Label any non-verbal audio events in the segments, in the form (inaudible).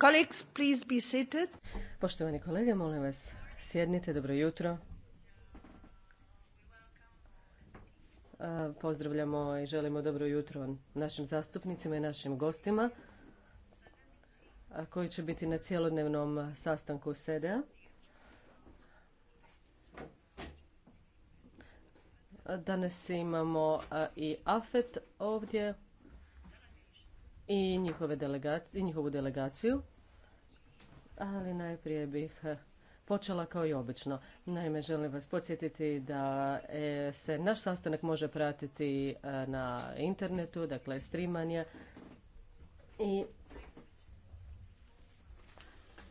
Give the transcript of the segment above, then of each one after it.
Colleagues, Poštovani kolege, molim vas, sjednite, dobro jutro. Pozdravljamo i želimo dobro jutro našim zastupnicima i našim gostima koji će biti na cijelodnevnom sastanku SEDA. Danas imamo i AFET ovdje i, njihove i njihovu delegaciju. Ali najprije bih eh, počela kao i obično. Naime, želim vas podsjetiti da eh, se naš sastanak može pratiti eh, na internetu, dakle streamanje. I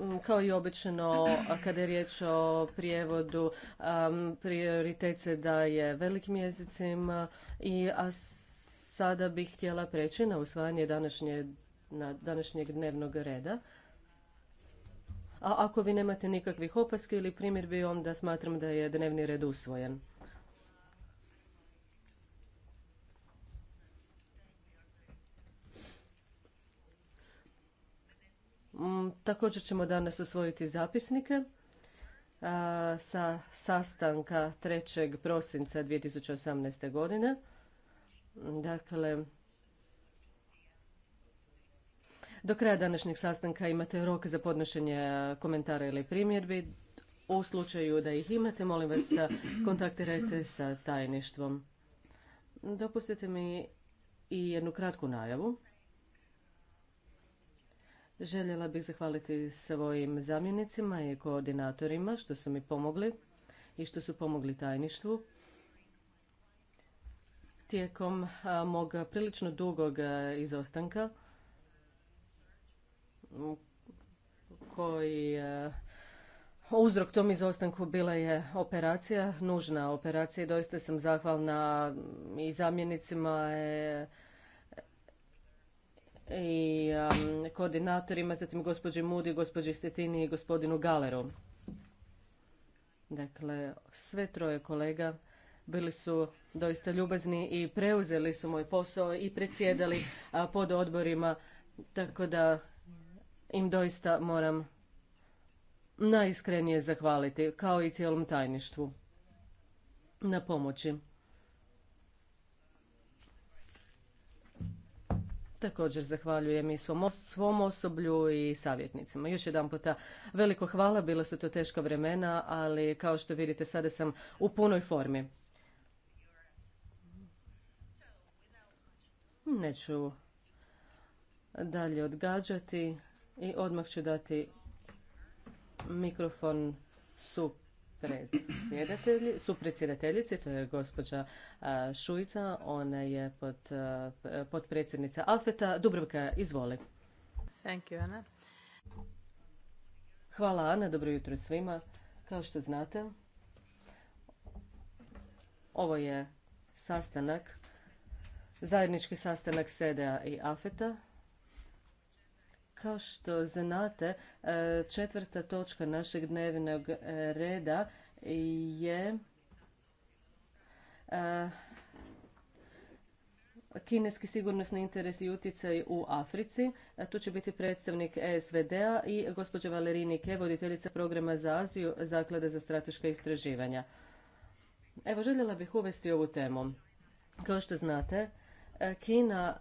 mm, kao i obično, kada je riječ o prijevodu, prioritet se daje velikim jezicima i as Sada bih htjela preći na usvajanje današnjeg dnevnog reda. A ako vi nemate nikakvih opaske ili primjedbi, onda smatram da je dnevni red usvojen. Mm, također ćemo danas usvojiti zapisnike sa sastanka 3. prosinca 2018. godine. Dakle, do kraja današnjeg sastanka imate rok za podnošenje komentara ili primjedbi. U slučaju da ih imate, molim vas, kontaktirajte sa tajništvom. Dopustite mi i jednu kratku najavu. Željela bih zahvaliti svojim zamjenicima i koordinatorima što su mi pomogli i što su pomogli tajništvu tijekom mog prilično dugog izostanka koji Uzrok tom izostanku bila je operacija, nužna operacija i doista sam zahvalna i zamjenicima e, i koordinatorima, zatim gospođi Mudi, gospođi Stetini i gospodinu Galeru. Dakle, sve troje kolega bili su doista ljubazni i preuzeli su moj posao i predsjedali pod odborima, tako da im doista moram najiskrenije zahvaliti, kao i cijelom tajništvu na pomoći. Također zahvaljujem i svom, svom osoblju i savjetnicima. Još jedan puta veliko hvala, bila su to teška vremena, ali kao što vidite sada sam u punoj formi. Neću dalje odgađati i odmah ću dati mikrofon supredsjedateljici, to je gospođa Šujica, ona je pod, podpredsjednica Alfeta. Dubrovka, izvoli. Thank Ana. Hvala, Ana, dobro jutro svima. Kao što znate, ovo je sastanak zajednički sastanak SEDEA i AFETA. Kao što znate, e, četvrta točka našeg dnevnog e, reda je e, kineski sigurnosni interes i utjecaj u Africi. Tu će biti predstavnik esvd a i gospođa Ke, voditeljica programa za Aziju, Zaklada za strateška istraživanja. Evo, željela bih uvesti ovu temu. Kao što znate, Kina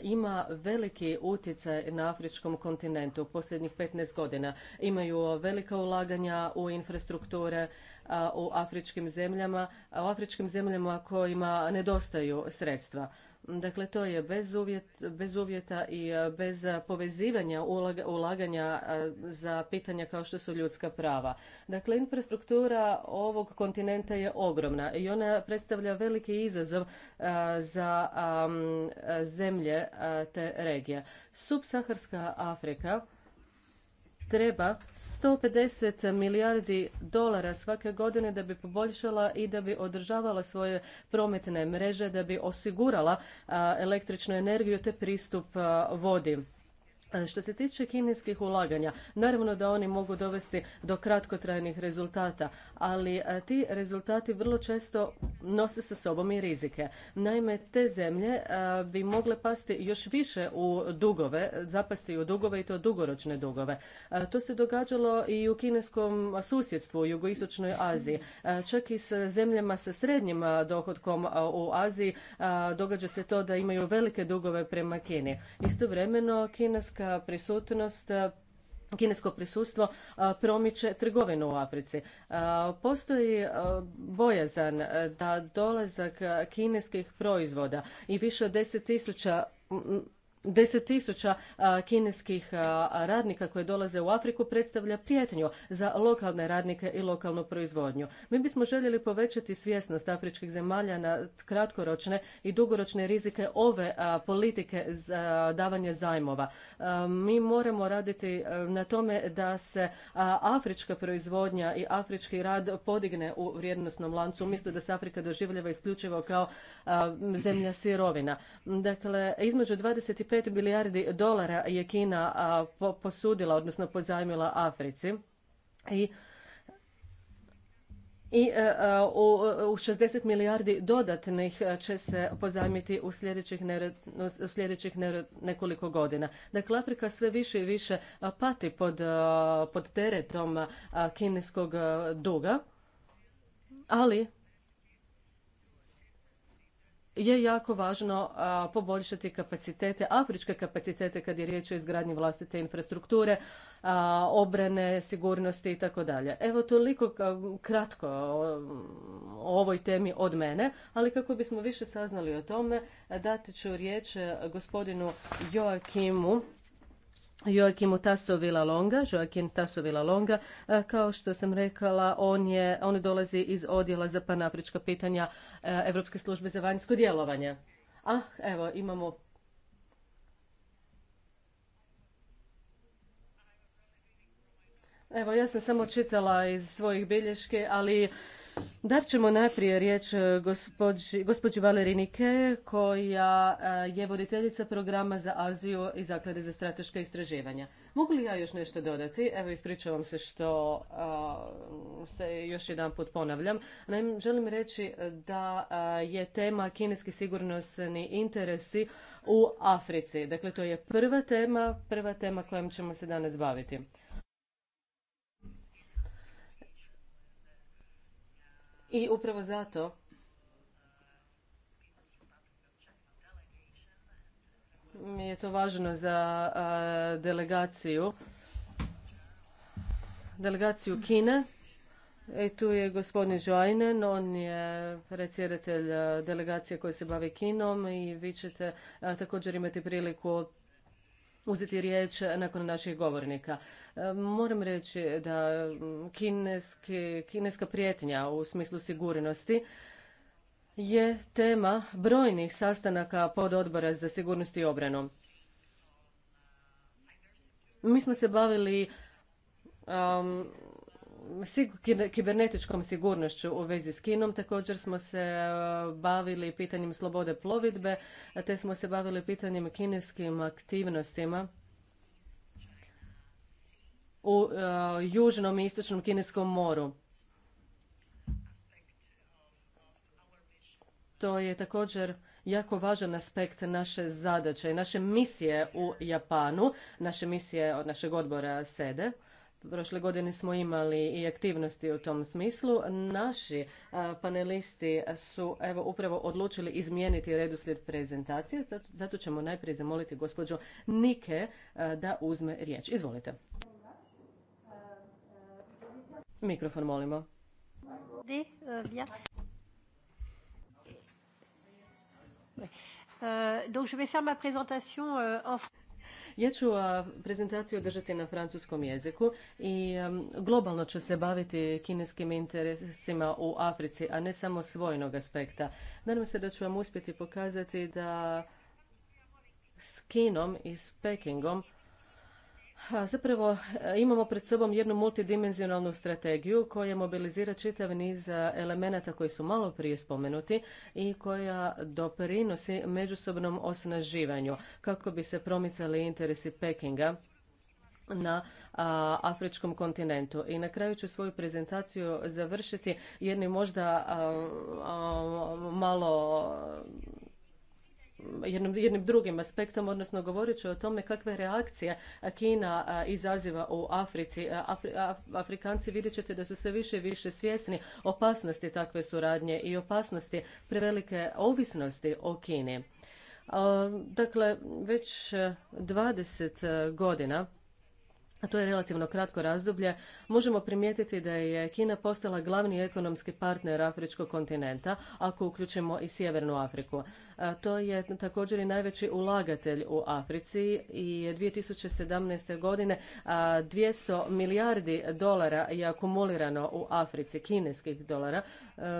ima veliki utjecaj na afričkom kontinentu u posljednjih 15 godina. Imaju velika ulaganja u infrastrukture u afričkim zemljama, u afričkim zemljama kojima nedostaju sredstva. Dakle, to je bez, uvjet, bez uvjeta i e, bez povezivanja ulaganja e, za pitanja kao što su ljudska prava. Dakle, infrastruktura ovog kontinenta je ogromna i ona predstavlja veliki izazov e, za zemlje te regije. Subsaharska Afrika treba 150 milijardi dolara svake godine da bi poboljšala i da bi održavala svoje prometne mreže, da bi osigurala električnu energiju te pristup vodi. E, što se tiče kineskih ulaganja, naravno da oni mogu dovesti do kratkotrajnih rezultata, ali e, ti rezultati vrlo često nose sa sobom i rizike. Naime, te zemlje e, bi mogle pasti još više u dugove, zapasti u dugove i to dugoročne dugove. To se događalo i u kineskom susjedstvu u jugoistočnoj Aziji. Čak i s zemljama sa srednjim dohodkom u Aziji događa se to da imaju velike dugove prema Kini. Istovremeno, kineska kineska eh, prisutnost eh, kinesko prisustvo eh, promiče trgovinu u Africi. Postoji bojazan da dolazak kineskih proizvoda i više od deset tisuća deset tisuća kineskih radnika koji dolaze u Afriku predstavlja prijetnju za lokalne radnike i lokalnu proizvodnju. Mi bismo željeli povećati svjesnost afričkih zemalja na kratkoročne i dugoročne rizike ove politike za davanje zajmova. Mi moramo raditi na tome da se afrička proizvodnja i afrički rad podigne u vrijednosnom lancu umjesto da se Afrika doživljava isključivo kao zemlja sirovina. Dakle, između 25 pet milijardi dolara je Kina posudila, odnosno pozajmila Africi. I i e, e, u 60 milijardi dodatnih e, će se pozajmiti u sljedećih, nekoliko godina. Dakle, Afrika sve više i više pati pod, pod teretom kineskog duga, ali je jako važno poboljšati kapacitete, afričke kapacitete kad je riječ o izgradnji vlastite infrastrukture, obrane, sigurnosti i tako dalje. Evo toliko kratko o ovoj temi od mene, ali kako bismo više saznali o tome, dati ću riječ gospodinu Joakimu Joakimu Tasso Longa. Joakim Tasso longa e, kao što sam rekala, on, je, on dolazi iz odjela za panafrička pitanja Europske službe za vanjsko djelovanje. Ah, evo, imamo Evo, ja sam samo čitala iz svojih bilješke, ali Dar ćemo najprije riječ e, gospođi, gospođi Valerinike koja e, je voditeljica programa za Aziju i Zaklade za strateška istraživanja. Mogu li ja još nešto dodati? Evo ispričavam se što e, se još jedan put ponavljam. Naime, želim reći da je tema kineski sigurnosni interesi u Africi. Dakle, to je prva tema, prva tema kojom ćemo se danas baviti. I upravo zato mi je to važno za delegaciju. Delegaciju Kine. E, tu je gospodin Joajnen, on je predsjedatelj delegacije koja se bavi Kinom i vi ćete također imati priliku uzeti riječ nakon naših govornika. E, moram reći da mm, kineska prijetnja u smislu sigurnosti je tema brojnih sastanaka pod odbora za sigurnost i obranu. Mi smo se bavili kibernetičkom sigurnošću u vezi s Kinom. Također smo se e, bavili pitanjem slobode plovidbe, te smo se bavili pitanjem kineskim aktivnostima u e, južnom i istočnom kineskom moru. To je također jako važan aspekt naše zadaće i naše misije u Japanu, naše misije od našeg odbora SEDE. Prošle godine smo imali i aktivnosti u tom smislu. Naši panelisti su evo upravo odlučili izmijeniti redoslijed prezentacije, zato ćemo najprije zamoliti gospođo Nike da uzme riječ. Izvolite. Mikrofon molimo. Euh, ja ću prezentaciju držati na francuskom jeziku i globalno ću se baviti kineskim interesima u Africi, a ne samo s aspekta. Nadam se da ću vam uspjeti pokazati da s Kinom i s Pekingom Zapravo e, imamo pred sobom jednu multidimenzionalnu strategiju koja mobilizira čitav niz e, elemenata koji su malo prije spomenuti i koja doprinosi međusobnom osnaživanju kako bi se promicali interesi Pekinga na afričkom kontinentu. I na kraju ću svoju prezentaciju završiti jednim možda malo jednim, jednim drugim aspektom, odnosno govorit ću o tome kakve reakcije Kina izaziva u Africi. Afrikanci vidjet ćete da su sve više i više svjesni opasnosti takve suradnje i opasnosti prevelike ovisnosti o Kini. Dakle, već 20 e, e, godina a to je relativno kratko razdoblje, možemo primijetiti da je Kina postala glavni ekonomski partner Afričkog kontinenta, ako uključimo i Sjevernu Afriku. To je također i najveći ulagatelj u Africi i 2017. godine 200 milijardi dolara je akumulirano u Africi, kineskih dolara.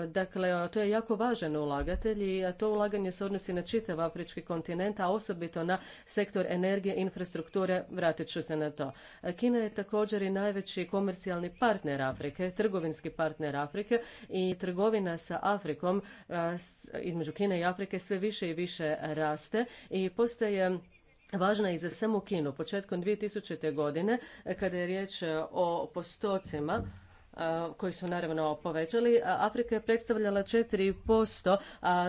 Dakle, to je jako važan ulagatelj i to ulaganje se odnosi na čitav afrički kontinent, a osobito na sektor energije, i infrastrukture, vratit ću se na to. Kina je također i najveći komercijalni partner Afrike, trgovinski partner Afrike i trgovina sa Afrikom između Kine i Afrike sve više i više raste i postaje važna i za samu Kinu. Početkom 2000. godine, kada je riječ o postocima, koji su naravno povećali. Afrika je predstavljala 4%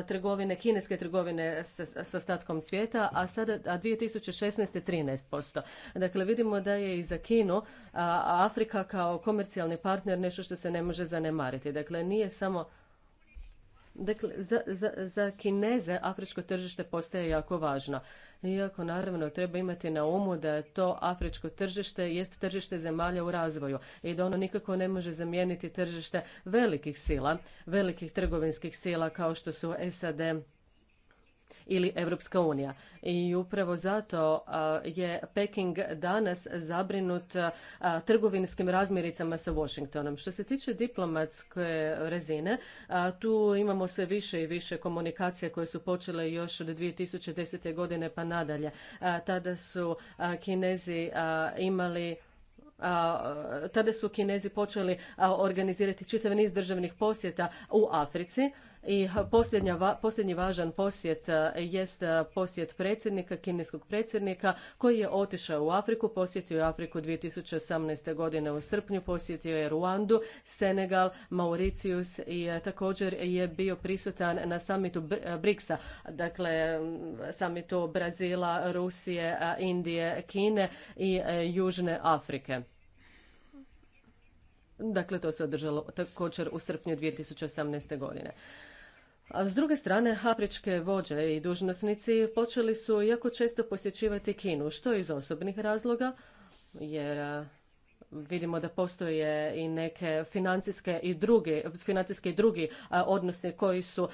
trgovine, kineske trgovine s ostatkom svijeta, a sada a 2016. 13%. Dakle, vidimo da je i za Kinu Afrika kao komercijalni partner nešto što se ne može zanemariti. Dakle, nije samo Dakle, za, za, za kineze afričko tržište postaje jako važno. Iako naravno treba imati na umu da je to afričko tržište jest tržište zemalja u razvoju i da ono nikako ne može zamijeniti tržište velikih sila, velikih trgovinskih sila kao što su SAD, ili Europska unija. I upravo zato je Peking danas zabrinut trgovinskim razmiricama sa Washingtonom. Što se tiče diplomatske razine, tu imamo sve više i više komunikacije koje su počele još od 2010. godine pa nadalje. Tada su Kinezi imali tada su Kinezi počeli organizirati čitav niz državnih posjeta u Africi i posljednji važan posjet e, jest e, posjet predsjednika, kineskog predsjednika koji je otišao u Afriku, posjetio je Afriku 2018. godine u srpnju, posjetio je Ruandu, Senegal, Mauricius i e, također je bio prisutan na samitu BRICS-a, dakle samitu Brazila, Rusije, Indije, Kine i Južne Afrike. Dakle, to se održalo također u srpnju 2018. godine. A s druge strane, afričke vođe i dužnosnici počeli su jako često posjećivati Kinu, što iz osobnih razloga, jer Vidimo da postoje i neke financijske i drugi, financijski i drugi odnosi koji su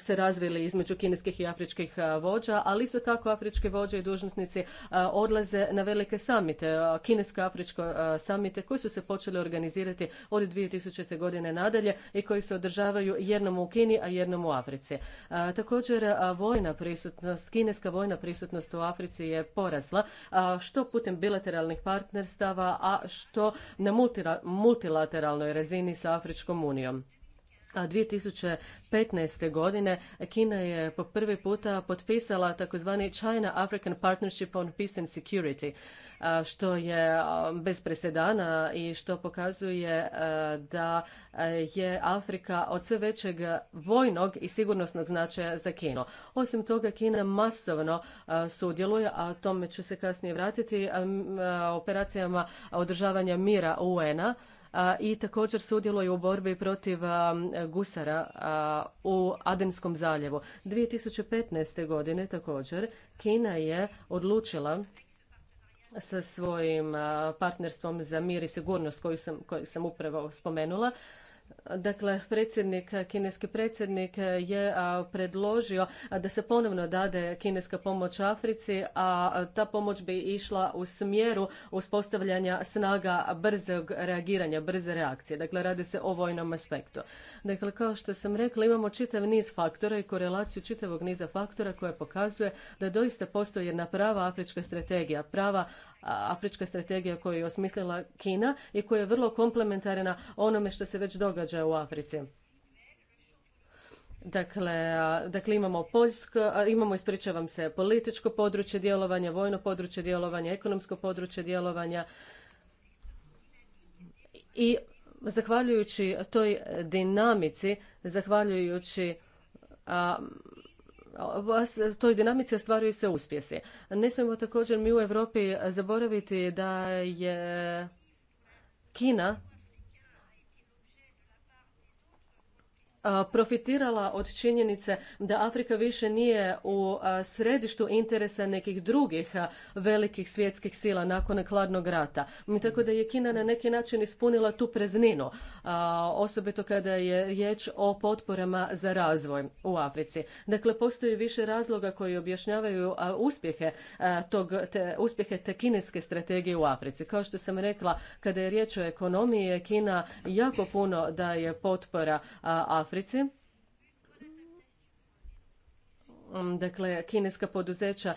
se razvili između kineskih i afričkih vođa, ali isto tako afrički vođe i dužnosnici odlaze na velike samite, kinesko-afričko samite koji su se počeli organizirati od 2000. godine nadalje i koji se održavaju jednom u Kini, a jednom u Africi. Također vojna prisutnost, kineska vojna prisutnost u Africi je porasla, što putem bilateralnih partnerstava, a što što na multilateralnoj razini sa Afričkom unijom. A 2015. godine Kina je po prvi puta potpisala takozvani China African Partnership on Peace and Security što je bez presedana i što pokazuje da je Afrika od sve većeg vojnog i sigurnosnog značaja za Kino. Osim toga, Kina masovno sudjeluje, a tome ću se kasnije vratiti, operacijama održavanja mira UN-a i također sudjeluje u borbi protiv gusara u Adenskom zaljevu. 2015. godine također Kina je odlučila sa svojim partnerstvom za mir i sigurnost koju sam, sam upravo spomenula Dakle, predsjednik, kineski predsjednik je predložio da se ponovno dade kineska pomoć Africi, a ta pomoć bi išla u smjeru uspostavljanja snaga brzog reagiranja, brze reakcije. Dakle, radi se o vojnom aspektu. Dakle, kao što sam rekla, imamo čitav niz faktora i korelaciju čitavog niza faktora koja pokazuje da doista postoji jedna prava afrička strategija, prava Afrička strategija koju je osmislila Kina i koja je vrlo komplementarna onome što se već događa u Africi. Dakle, dakle imamo Poljsko, imamo, ispričavam se, političko područje djelovanja, vojno područje djelovanja, ekonomsko područje djelovanja i zahvaljujući toj dinamici, zahvaljujući toj dinamici ostvaruju se uspjesi. Ne smijemo također mi u Europi zaboraviti da je Kina profitirala od činjenice da Afrika više nije u središtu interesa nekih drugih velikih svjetskih sila nakon hladnog rata. Tako da je Kina na neki način ispunila tu prezninu, osobito kada je riječ o potporama za razvoj u Africi. Dakle, postoji više razloga koji objašnjavaju uspjehe, tog, te, uspjehe te kineske strategije u Africi. Kao što sam rekla, kada je riječ o ekonomiji, Kina jako puno daje potpora Africi Africi. Dakle, kineska poduzeća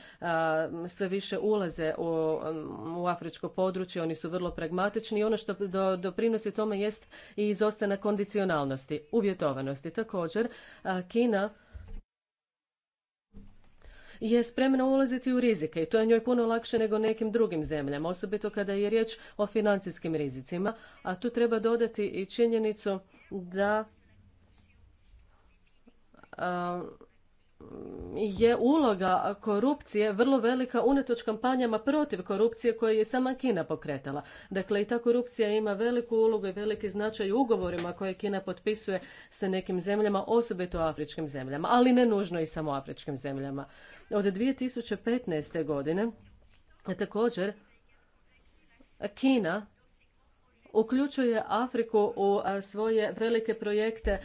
sve više ulaze u, afričko područje, oni su vrlo pragmatični i ono što do, doprinosi tome jest i izostanak kondicionalnosti, uvjetovanosti. Također, Kina je spremna ulaziti u rizike i to je njoj puno lakše nego nekim drugim zemljama, osobito kada je riječ o financijskim rizicima, a tu treba dodati i činjenicu da Eh, je uloga korupcije vrlo velika unatoč kampanjama protiv korupcije koje je sama Kina pokretala. Dakle, i ta korupcija ima veliku ulogu i veliki značaj u ugovorima koje Kina potpisuje sa nekim zemljama, osobito afričkim zemljama, ali ne nužno i samo afričkim zemljama. Od 2015. godine također Kina uključuje Afriku u svoje velike projekte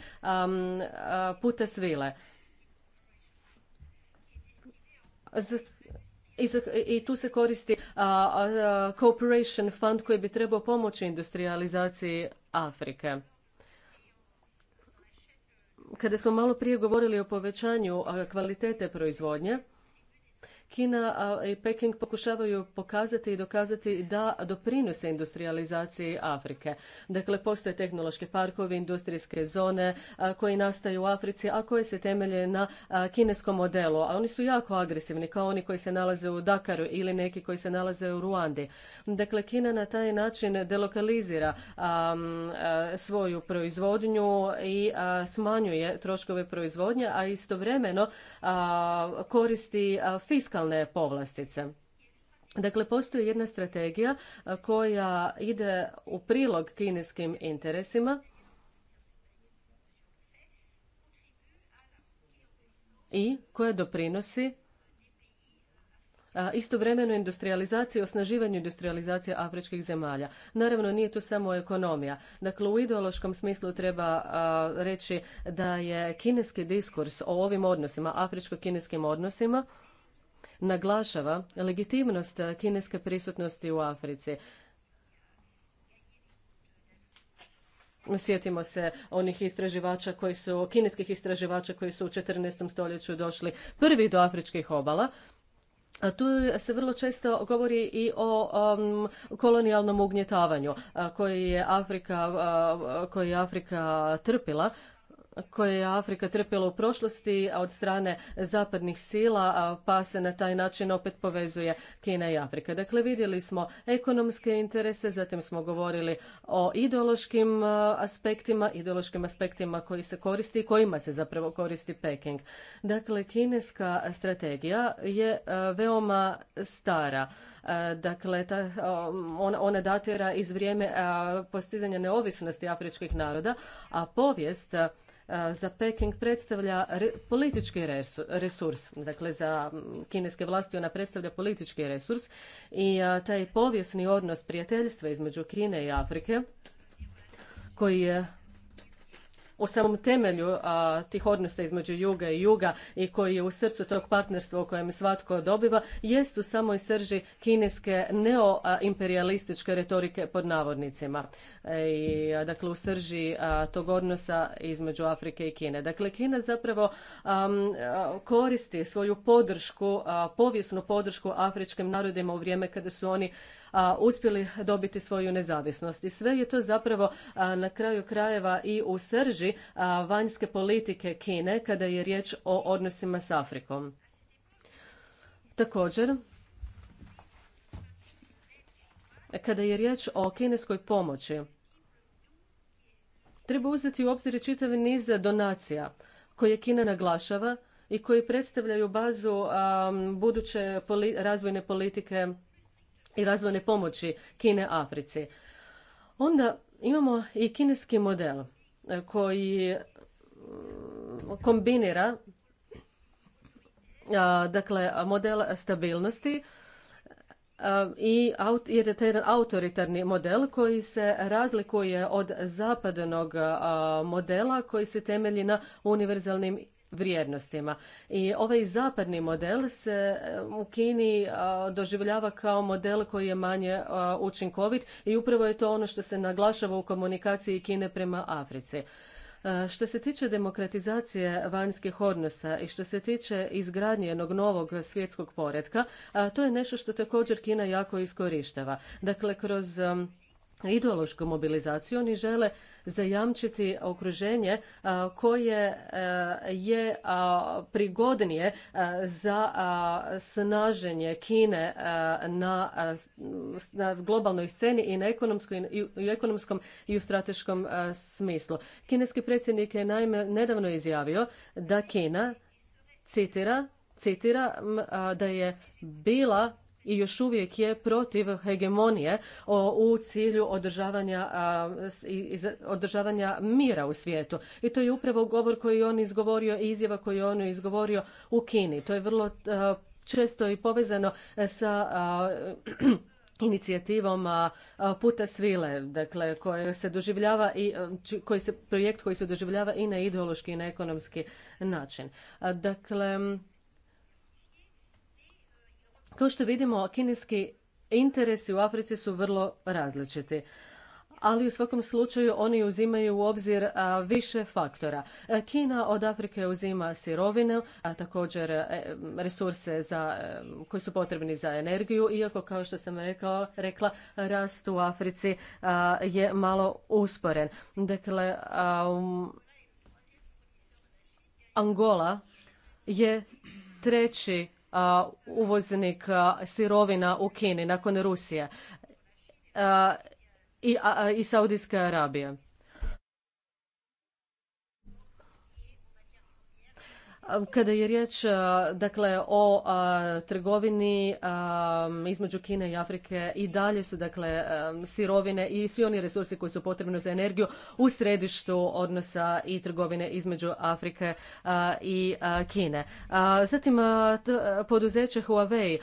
puta svile. I tu se koristi Cooperation Fund koji bi trebao pomoći industrializaciji Afrike. Kada smo malo prije govorili o povećanju kvalitete proizvodnje, Kina i Peking pokušavaju pokazati i dokazati da doprinose industrializaciji Afrike. Dakle, postoje tehnološki parkovi, industrijske zone koji nastaju u Africi, a koje se temelje na kineskom modelu. A oni su jako agresivni, kao oni koji se nalaze u Dakaru ili neki koji se nalaze u Ruandi. Dakle, Kina na taj način delokalizira svoju proizvodnju i smanjuje troškove proizvodnje, a istovremeno koristi fiskal povlastice. Dakle, postoji jedna strategija koja ide u prilog kineskim interesima i koja doprinosi istovremeno industrializaciji osnaživanju industrializacije afričkih zemalja. Naravno, nije to samo ekonomija. Dakle, u ideološkom smislu treba reći da je kineski diskurs o ovim odnosima, afričko-kineskim odnosima, naglašava legitimnost kineske prisutnosti u Africi. Sjetimo se onih istraživača koji su, kineskih istraživača koji su u 14. stoljeću došli prvi do afričkih obala. A tu se vrlo često govori i o um, kolonijalnom ugnjetavanju koji je Afrika, je Afrika trpila koje je Afrika trpjela u prošlosti, a od strane zapadnih sila, pa se na taj način opet povezuje Kina i Afrika. Dakle, vidjeli smo ekonomske interese, zatim smo govorili o ideološkim aspektima, ideološkim aspektima koji se koristi i kojima se zapravo koristi Peking. Dakle, kineska strategija je veoma stara. Dakle, ta, ona, ona datira iz vrijeme postizanja neovisnosti afričkih naroda, a povijest E, za Peking predstavlja politički resurs. Dakle, za kineske vlasti ona predstavlja politički resurs i e, taj povijesni odnos prijateljstva između Kine i Afrike koji je u samom temelju tih odnosa između juga i juga i koji je u srcu tog partnerstva u kojem svatko dobiva jest u samoj srži kineske neoimperijalističke retorike pod navodnicima. E, I, dakle, u srži tog odnosa između Afrike i Kine. Dakle, Kina zapravo koristi svoju podršku, povijesnu podršku afričkim narodima u vrijeme kada su oni uspjeli dobiti svoju nezavisnost. I sve je to zapravo na kraju krajeva i u srži vanjske politike Kine kada je riječ o odnosima s Afrikom. Također, kada je riječ o kineskoj pomoći, treba uzeti u obzir čitav niz donacija koje Kina naglašava i koji predstavljaju bazu buduće razvojne politike i razvojne pomoći Kine Africi. Onda imamo i kineski model e, koji mm, kombinira dakle model stabilnosti e, i jedan autoritarni model koji se razlikuje od zapadnog modela koji se temelji na univerzalnim vrijednostima. I ovaj zapadni model se eh, u Kini eh, doživljava kao model koji je manje eh, učinkovit i upravo je to ono što se naglašava u komunikaciji Kine prema Africi. Što se tiče demokratizacije vanjskih odnosa i što se tiče izgradnje jednog novog svjetskog poretka, to je nešto što također Kina jako iskorištava. Dakle, kroz ideološku mobilizaciju oni žele zajamčiti okruženje koje e, je prigodnije za snaženje Kine na, globalnoj sceni i na i u ekonomskom i u strateškom smislu. Kineski predsjednik je naime nedavno izjavio da Kina, citira, citiram, da je bila i još uvijek je protiv hegemonije u cilju održavanja, održavanja mira u svijetu. I to je upravo govor koji je on izgovorio i izjava koju je on izgovorio u Kini. To je vrlo često i povezano e, sa (clears throat) inicijativom Puta svile, dakle se doživljava i koji se projekt koji se doživljava i na ideološki i na ekonomski način. Dakle kao što vidimo, kineski interesi u Africi su vrlo različiti ali u svakom slučaju oni uzimaju u obzir više faktora. E, Kina od Afrike uzima sirovine, a također e, resurse za, e, koji su potrebni za energiju, iako kao što sam rekao, rekla, rast u Africi je malo usporen. Dakle, um, Angola je treći uvoznik sirovina u Kini nakon Rusije i Saudijske Arabije. Kada je riječ e, dakle, o e, trgovini e, između Kine i Afrike i dalje su dakle, sirovine i svi oni resursi koji su potrebni za energiju u središtu odnosa i trgovine između Afrike i Kine. Zatim, t, poduzeće Huawei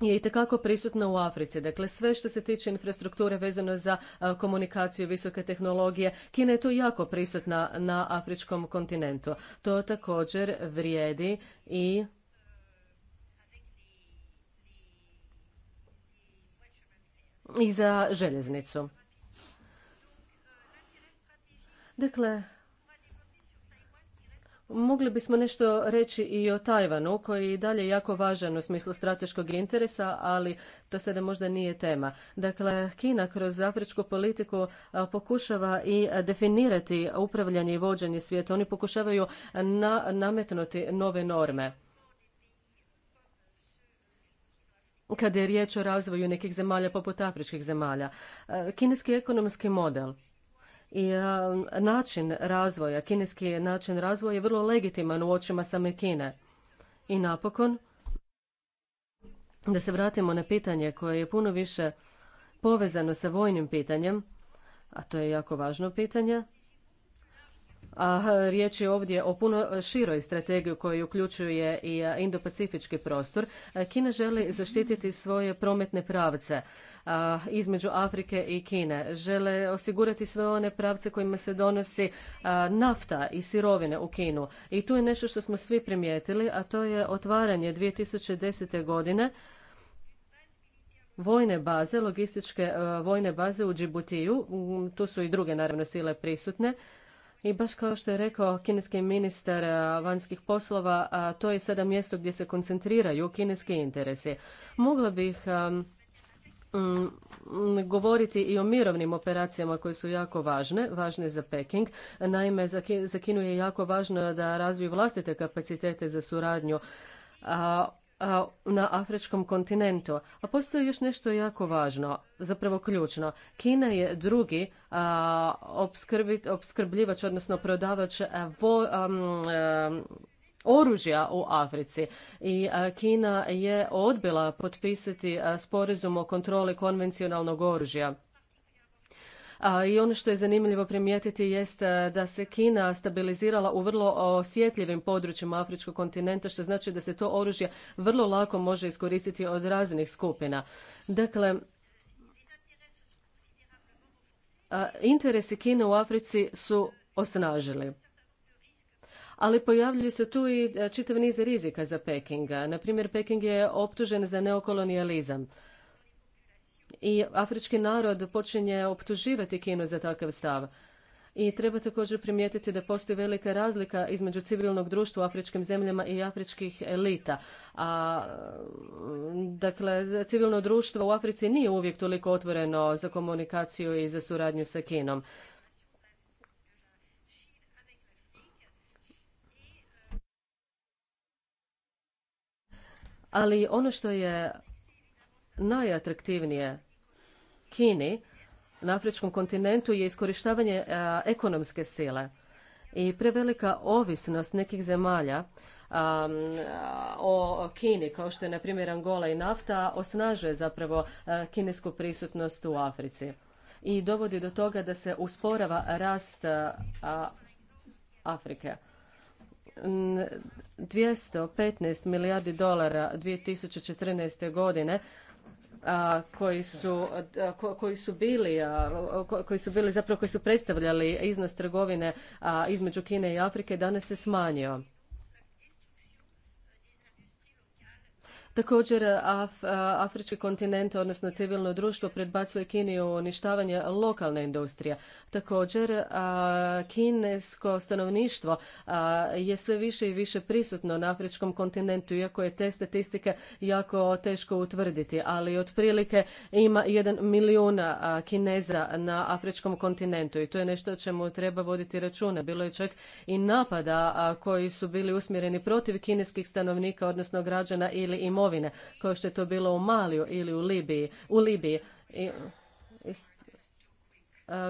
je i kako prisutna u Africi. Dakle, sve što se tiče infrastrukture vezano za komunikaciju visoke tehnologije, Kina je tu jako prisutna na afričkom kontinentu. To također vrijedi i i za željeznicu. Dakle, Mogli bismo nešto reći i o Tajvanu, koji je i dalje jako važan u smislu strateškog interesa, ali to sada možda nije tema. Dakle, Kina kroz afričku politiku pokušava i definirati upravljanje i vođenje svijeta. Oni pokušavaju na, nametnuti nove norme. Kada je riječ o razvoju nekih zemalja poput afričkih zemalja, kineski ekonomski model – i e, način razvoja, kineski način razvoja je vrlo legitiman u očima same Kine. I napokon, da se vratimo na pitanje koje je puno više povezano sa vojnim pitanjem, a to je jako važno pitanje, a riječ je ovdje o puno široj strategiji koju uključuje i indopacifički prostor. Kina želi zaštititi svoje prometne pravce između Afrike i Kine. Žele osigurati sve one pravce kojima se donosi nafta i sirovine u Kinu. I tu je nešto što smo svi primijetili, a to je otvaranje 2010. godine vojne baze, logističke vojne baze u Džibutiju. Tu su i druge naravno sile prisutne. I baš kao što je rekao kineski ministar vanjskih poslova, to je sada mjesto gdje se koncentriraju kineski interesi. Mogla bih govoriti i o mirovnim operacijama koje su jako važne, važne za Peking. Naime, za Kinu je jako važno da razviju vlastite kapacitete za suradnju na afričkom kontinentu. A postoji još nešto jako važno, zapravo ključno. Kina je drugi obskrbljivač, odnosno prodavač vo, oružja u Africi i Kina je odbila potpisati sporazum o kontroli konvencionalnog oružja i ono što je zanimljivo primijetiti jest e, da se Kina stabilizirala u vrlo osjetljivim područjima Afričkog kontinenta, što znači da se to oružje vrlo lako može iskoristiti od raznih skupina. Dakle, interesi Kine u Africi su osnažili. Ali pojavljuju se tu i e, čitav niz rizika za Peking. Naprimjer, Peking je optužen za neokolonijalizam i afrički narod počinje optuživati Kinu za takav stav. I treba također primijetiti da postoji velika razlika između civilnog društva u afričkim zemljama i afričkih elita. A, dakle, civilno društvo u Africi nije uvijek toliko otvoreno za komunikaciju i za suradnju sa Kinom. Ali ono što je najatraktivnije Kini na afričkom kontinentu je iskorištavanje e, ekonomske sile i prevelika ovisnost nekih zemalja o Kini, kao što je na primjer Angola i nafta, osnažuje zapravo e, kinesku prisutnost u Africi i dovodi do toga da se usporava rast e, Afrike. 215 milijardi dolara 2014. godine koji su, koji su bili koji su bili zapravo koji su predstavljali iznos trgovine između Kine i Afrike danas se smanjio. Također, e, afrički kontinent, odnosno civilno društvo, predbacuje Kini u uništavanje lokalne industrije. Također, e, kinesko stanovništvo e, je sve više i više prisutno na afričkom kontinentu, iako je te statistike jako teško utvrditi, ali otprilike ima jedan milijuna kineza na afričkom kontinentu i to je nešto o čemu treba voditi računa. Bilo je čak i napada koji su bili usmjereni protiv kineskih stanovnika, odnosno građana ili kao što je to bilo u Maliju ili u Libiji. U Libiji. I, e,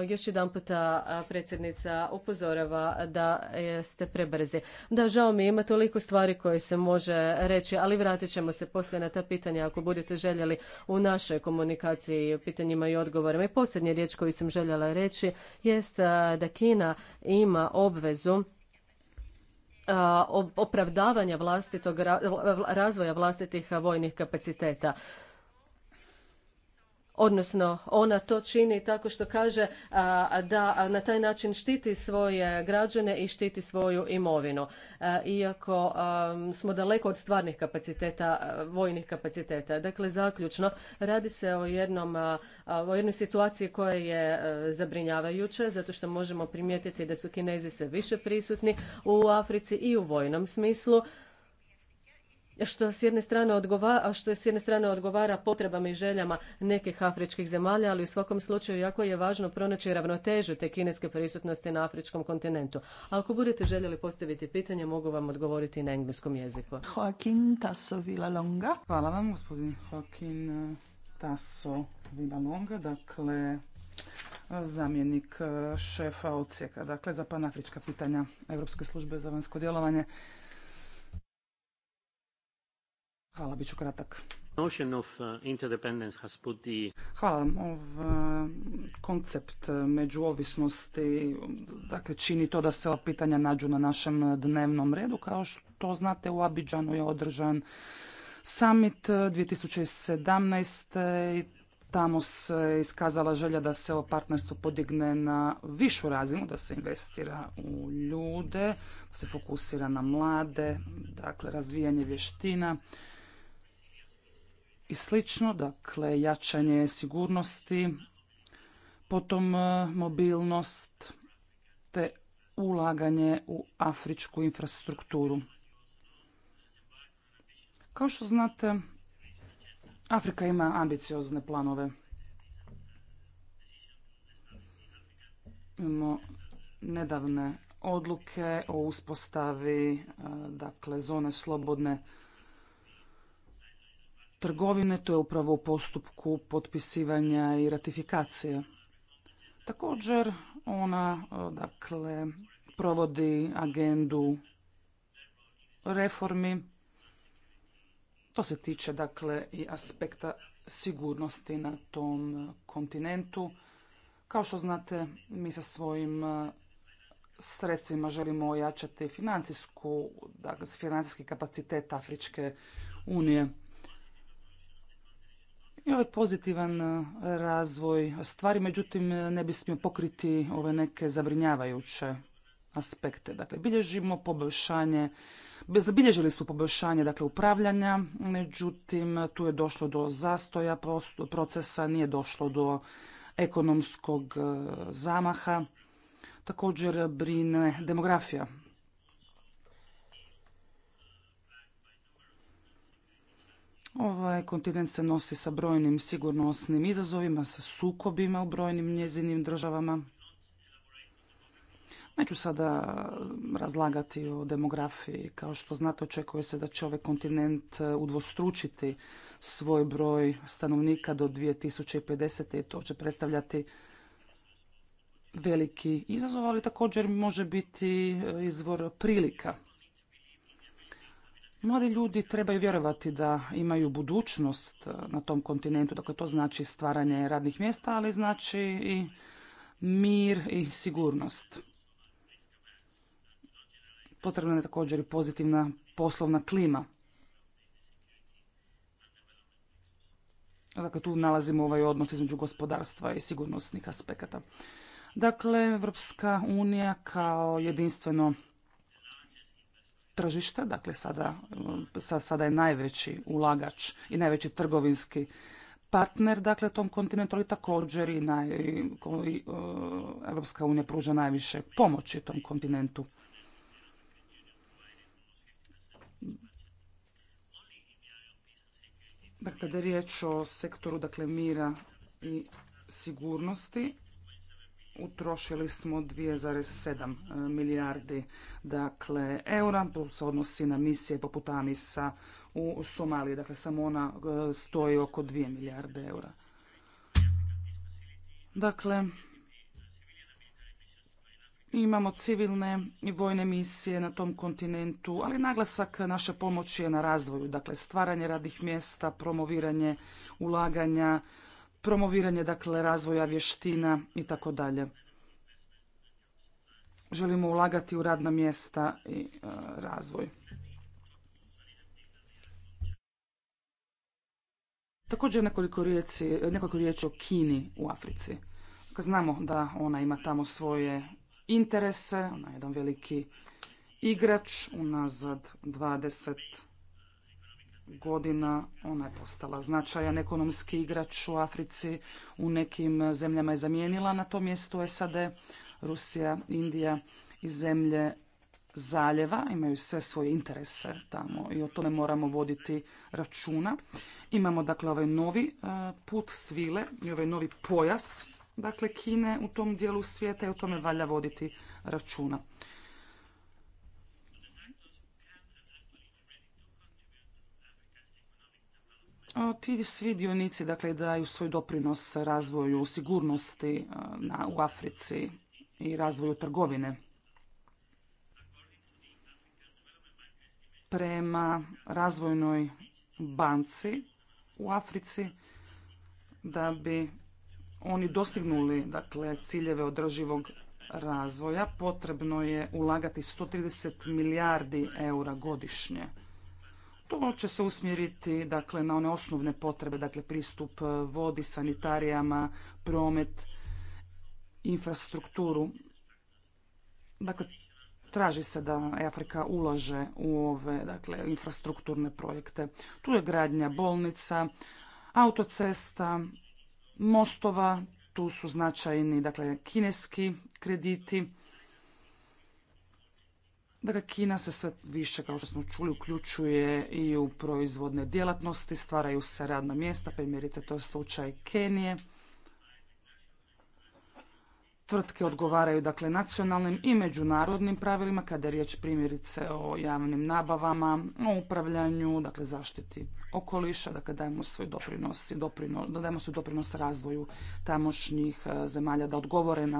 još jedan puta predsjednica upozorava da ste prebrzi. Da, žao mi ima toliko stvari koje se može reći, ali vratit ćemo se poslije na ta pitanja ako budete željeli u našoj komunikaciji o pitanjima i odgovorima. I posljednja riječ koju sam željela reći jest e, da Kina ima obvezu opravdavanja vlastitog, razvoja vlastitih vojnih kapaciteta odnosno ona to čini tako što kaže da na taj način štiti svoje građane i štiti svoju imovinu iako smo daleko od stvarnih kapaciteta vojnih kapaciteta dakle zaključno radi se o jednom o jednoj situaciji koja je zabrinjavajuća zato što možemo primijetiti da su kinezi sve više prisutni u africi i u vojnom smislu što s jedne strane odgovara, što s jedne strane odgovara potrebama i željama nekih afričkih zemalja, ali u svakom slučaju jako je važno pronaći ravnotežu te kineske prisutnosti na afričkom kontinentu. A ako budete željeli postaviti pitanje, mogu vam odgovoriti na engleskom jeziku. Joaquin Tasso Villalonga. Hvala vam, gospodin Joaquin eh, Tasso Villalonga, dakle eh, zamjenik eh, šefa odsjeka, dakle za panafrička pitanja Europske službe za vanjsko djelovanje. Hvala, bit ću kratak. Uh, Hvala vam. Uh, koncept uh, međuovisnosti dakle, čini to da se ova pitanja nađu na našem dnevnom redu. Kao što znate, u Abidžanu je održan summit 2017. i tamo se iskazala želja da se ovo partnerstvo podigne na višu razinu, da se investira u ljude, da se fokusira na mlade, dakle razvijanje vještina i slično, dakle jačanje sigurnosti, potom e, mobilnost te ulaganje u afričku infrastrukturu. Kao što znate, Afrika ima ambiciozne planove. Imamo nedavne odluke o uspostavi e, dakle, zone slobodne trgovine, to je upravo u postupku potpisivanja i ratifikacije. Također ona e, dakle provodi agendu reformi. To se tiče dakle i aspekta sigurnosti na tom kontinentu. Kao što znate, mi sa svojim e, sredstvima želimo ojačati financijsku, dakle, financijski kapacitet Afričke unije. I ovaj pozitivan e, razvoj stvari, međutim, e, ne bi smio pokriti ove neke zabrinjavajuće aspekte. Dakle, bilježimo poboljšanje, zabilježili smo poboljšanje dakle, upravljanja, međutim, tu je došlo do zastoja procesa, nije došlo do ekonomskog e, zamaha. Također brine demografija Ovaj kontinent se nosi sa brojnim sigurnosnim izazovima, sa sukobima u brojnim njezinim državama. Neću sada razlagati o demografiji. Kao što znate, očekuje se da će ovaj kontinent e, udvostručiti svoj broj stanovnika do 2050. i to će predstavljati veliki izazov, ali također može biti e, izvor prilika. Mladi ljudi trebaju vjerovati da imaju budućnost eh, na tom kontinentu, dakle to znači stvaranje radnih mjesta, ali znači i mir i sigurnost. Potrebna je također i pozitivna poslovna klima. Dakle, tu nalazimo ovaj odnos između gospodarstva i sigurnosnih aspekata. Dakle, Evropska unija kao jedinstveno tržišta, dakle sada, mm, sada je najveći ulagač i najveći trgovinski partner, dakle tom kontinentu, ali također i naj, Europska unija pruža najviše pomoći tom kontinentu. Dakle, da je riječ o sektoru dakle, mira i sigurnosti, utrošili smo 2,7 e, milijardi dakle, eura. To se odnosi na misije poput Amisa u Somaliji. Dakle, samo ona e, stoji oko 2 milijarde eura. Dakle, imamo civilne i vojne misije na tom kontinentu, ali naglasak naše pomoći je na razvoju. Dakle, stvaranje radnih mjesta, promoviranje ulaganja, promoviranje dakle razvoja vještina i tako dalje. Želimo ulagati u radna mjesta i e, razvoj. Također nekoliko riječi, nekoliko riječi o Kini u Africi. Dakle, znamo da ona ima tamo svoje interese, ona je jedan veliki igrač unazad 20 godina ona je postala značajan ekonomski igrač u Africi, u nekim zemljama je zamijenila na to mjesto SAD, Rusija, Indija i zemlje zaljeva, imaju sve svoje interese tamo i o tome moramo voditi računa. Imamo dakle ovaj novi e, put svile i ovaj novi pojas dakle Kine u tom dijelu svijeta i o tome valja voditi računa. ti svi dionici dakle, daju svoj doprinos razvoju sigurnosti e, na, u Africi i razvoju trgovine. Prema razvojnoj banci u Africi da bi oni dostignuli dakle, ciljeve održivog razvoja potrebno je ulagati 130 milijardi eura godišnje. To će se usmjeriti dakle, na one osnovne potrebe, dakle pristup e, vodi, sanitarijama, promet, infrastrukturu. Dakle, traži se da Afrika ulaže u ove dakle, infrastrukturne projekte. Tu je gradnja bolnica, autocesta, mostova, tu su značajni dakle, kineski krediti, Dakle, Kina se sve više, kao što smo čuli, uključuje i u proizvodne djelatnosti, stvaraju se radna mjesta, primjerice to je slučaj Kenije. Tvrtke odgovaraju dakle nacionalnim i međunarodnim pravilima kada je riječ primjerice o javnim nabavama, o upravljanju, dakle zaštiti okoliša, dakle dajemo svoj doprinos, dajemo svoj doprinos razvoju tamošnjih eh, zemalja da odgovore na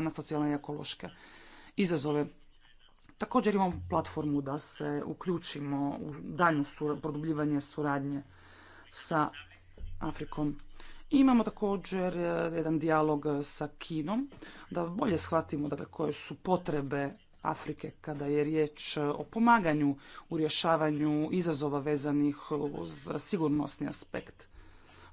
na socijalne i ekološke izazove. Također imamo platformu da se uključimo u daljnju produbljivanje suradnje sa Afrikom. imamo također e, jedan dijalog sa Kinom da bolje shvatimo dakle, koje su potrebe Afrike kada je riječ o pomaganju u rješavanju izazova vezanih uz sigurnosni aspekt.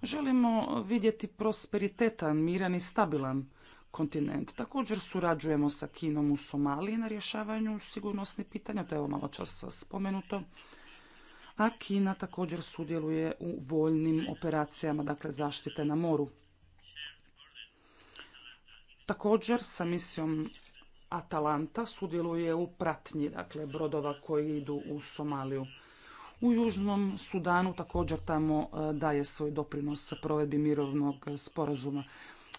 Želimo vidjeti prosperitetan, miran i stabilan kontinent. Također surađujemo sa Kinom u Somaliji na rješavanju sigurnosnih pitanja, to je ovo malo čas spomenuto. A Kina također sudjeluje u voljnim operacijama, dakle zaštite na moru. Također sa misijom Atalanta sudjeluje u pratnji, dakle brodova koji idu u Somaliju. U Južnom Sudanu također tamo e, daje svoj doprinos sa provedbi mirovnog sporazuma.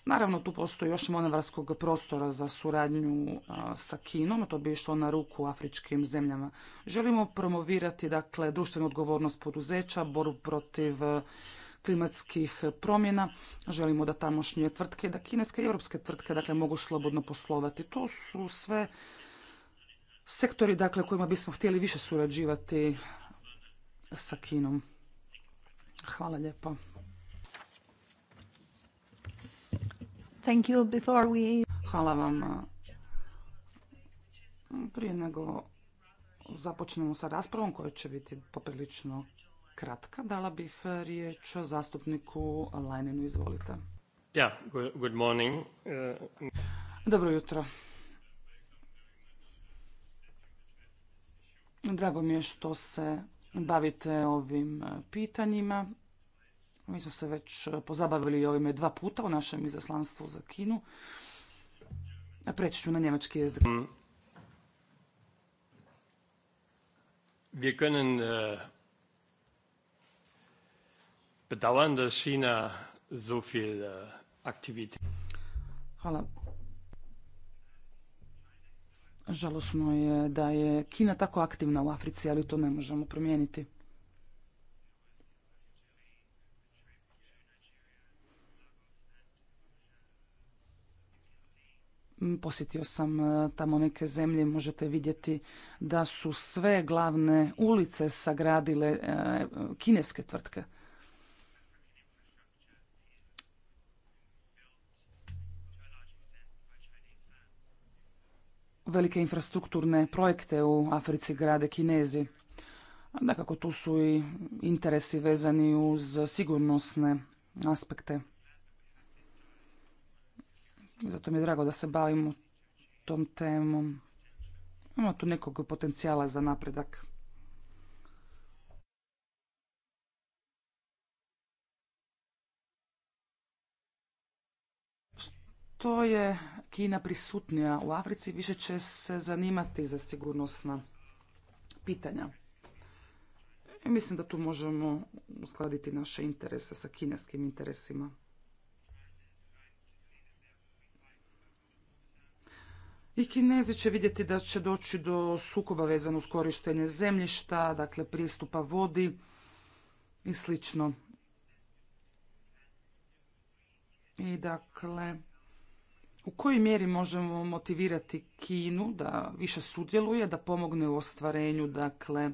Naravno, tu postoji još manevarskog prostora za suradnju sa Kinom, to bi išlo na ruku afričkim zemljama. Želimo promovirati dakle, društvenu odgovornost poduzeća, boru protiv klimatskih promjena. Želimo da tamošnje tvrtke, da kineske i europske tvrtke dakle, mogu slobodno poslovati. To su sve sektori dakle, kojima bismo htjeli više surađivati sa Kinom. Hvala lijepa. Thank you before we... Hvala vam. Prije nego započnemo sa raspravom koja će biti poprilično kratka, dala bih riječ zastupniku Lajnenu, Izvolite. good morning. Uh, Dobro jutro. Drago mi je što se bavite ovim pitanjima. Mi smo se već e, pozabavili ovime dva puta u našem izaslanstvu za Kinu. Preći ću na njemački jezik. Mm. Wir können äh, bedauern, dass China so viel äh, Aktivität. Hvala. Žalosno je da je Kina tako aktivna u Africi, ali to ne možemo promijeniti. posjetio sam e, tamo neke zemlje, možete vidjeti da su sve glavne ulice sagradile e, kineske tvrtke. Velike infrastrukturne projekte u Africi grade Kinezi. Dakako, tu su i interesi vezani uz sigurnosne aspekte. Zato mi je drago da se bavimo tom temom. Imamo tu nekog potencijala za napredak. Što je Kina prisutnija u Africi, više će se zanimati za sigurnosna pitanja. I mislim da tu možemo uskladiti naše interese sa kineskim interesima. I kinezi će vidjeti da će doći do sukoba vezano uz korištenje zemljišta, dakle pristupa vodi i slično. I dakle, u kojoj mjeri možemo motivirati Kinu da više sudjeluje, da pomogne u ostvarenju dakle,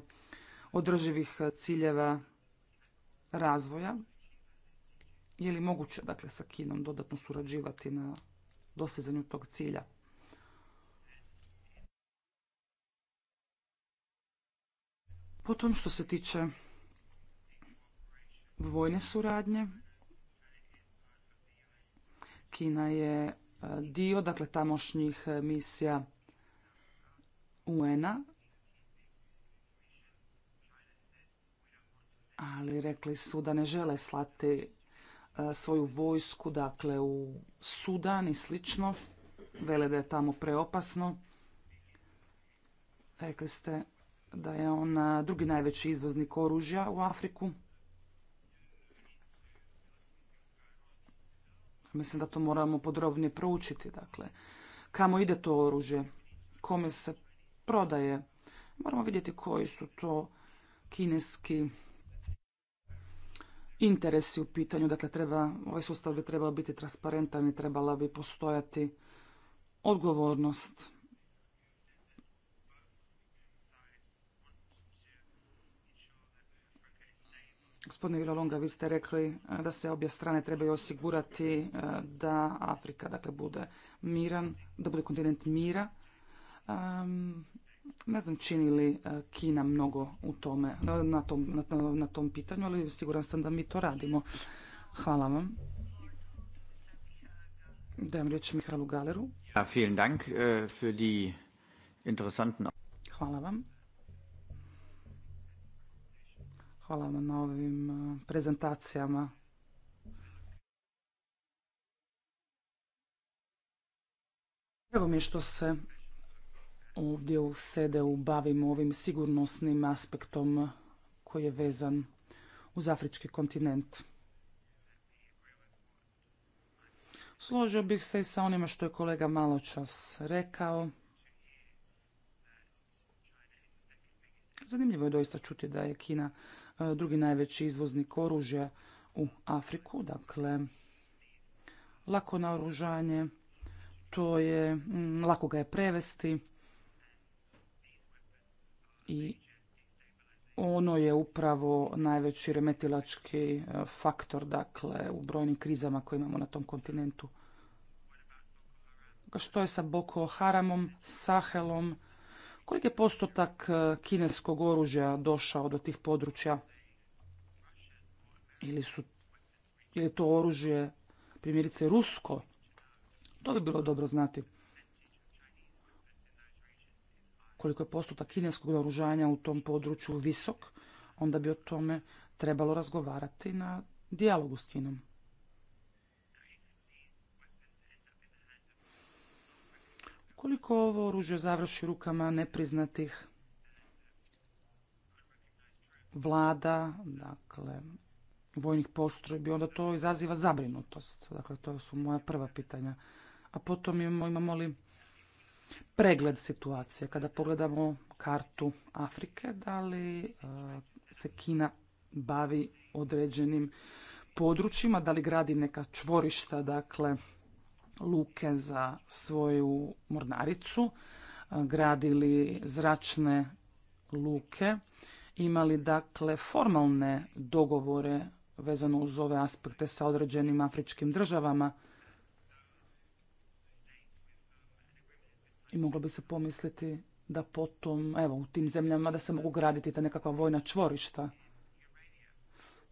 održivih ciljeva razvoja? Je li moguće dakle, sa Kinom dodatno surađivati na dosezanju tog cilja? Potom što se tiče vojne suradnje, Kina je e, dio, dakle, tamošnjih e, misija UN-a, ali rekli su da ne žele slati e, svoju vojsku, dakle, u Sudan i slično. Vele da je tamo preopasno. Rekli ste da je on drugi najveći izvoznik oružja u Afriku. Mislim da to moramo podrobnije proučiti. Dakle, kamo ide to oružje, kome se prodaje. Moramo vidjeti koji su to kineski interesi u pitanju. Dakle, treba, ovaj sustav bi trebao biti transparentan i trebala bi postojati odgovornost Gospodine Vilolonga, vi ste rekli e, da se obje strane trebaju osigurati e, da Afrika dakle, bude miran, da bude kontinent mira. ne znam čini li e, Kina mnogo u tome, na tom, na, na tom pitanju, ali siguran sam da mi to radimo. Hvala vam. Dajem riječ Mihalu Galeru. Ja, vielen Dank für die interessanten... Hvala vam Hvala vam na ovim e, prezentacijama. Drago mi je što se ovdje u SEDE-u bavimo ovim sigurnosnim aspektom koji je vezan uz afrički kontinent. Složio bih se i sa onima što je kolega maločas rekao. Zanimljivo je doista čuti da je Kina E, drugi najveći izvoznik oružja u Afriku, dakle lako naoružanje, to je, lako ga je prevesti i ono je upravo najveći remetilački e, faktor, dakle, u brojnim krizama koje imamo na tom kontinentu. Što je sa Boko Haramom, Sahelom, koliko je postotak e, kineskog oružja došao do tih područja? Ili su, je to oružje primjerice rusko? To bi bilo dobro znati. Koliko je postotak kineskog oružanja u tom području visok, onda bi o tome trebalo razgovarati na dijalogu s Kinom. Koliko ovo oružje završi rukama nepriznatih vlada, dakle, vojnih postrojbi, onda to izaziva zabrinutost. Dakle, to su moja prva pitanja. A potom imamo, imamo li pregled situacije. Kada pogledamo kartu Afrike, da li e, se Kina bavi određenim područjima, da li gradi neka čvorišta, dakle, luke za svoju mornaricu, e, gradili zračne luke, imali dakle formalne dogovore vezano uz ove aspekte sa određenim afričkim državama. I moglo bi se pomisliti da potom, evo, u tim zemljama da se mogu graditi ta nekakva vojna čvorišta.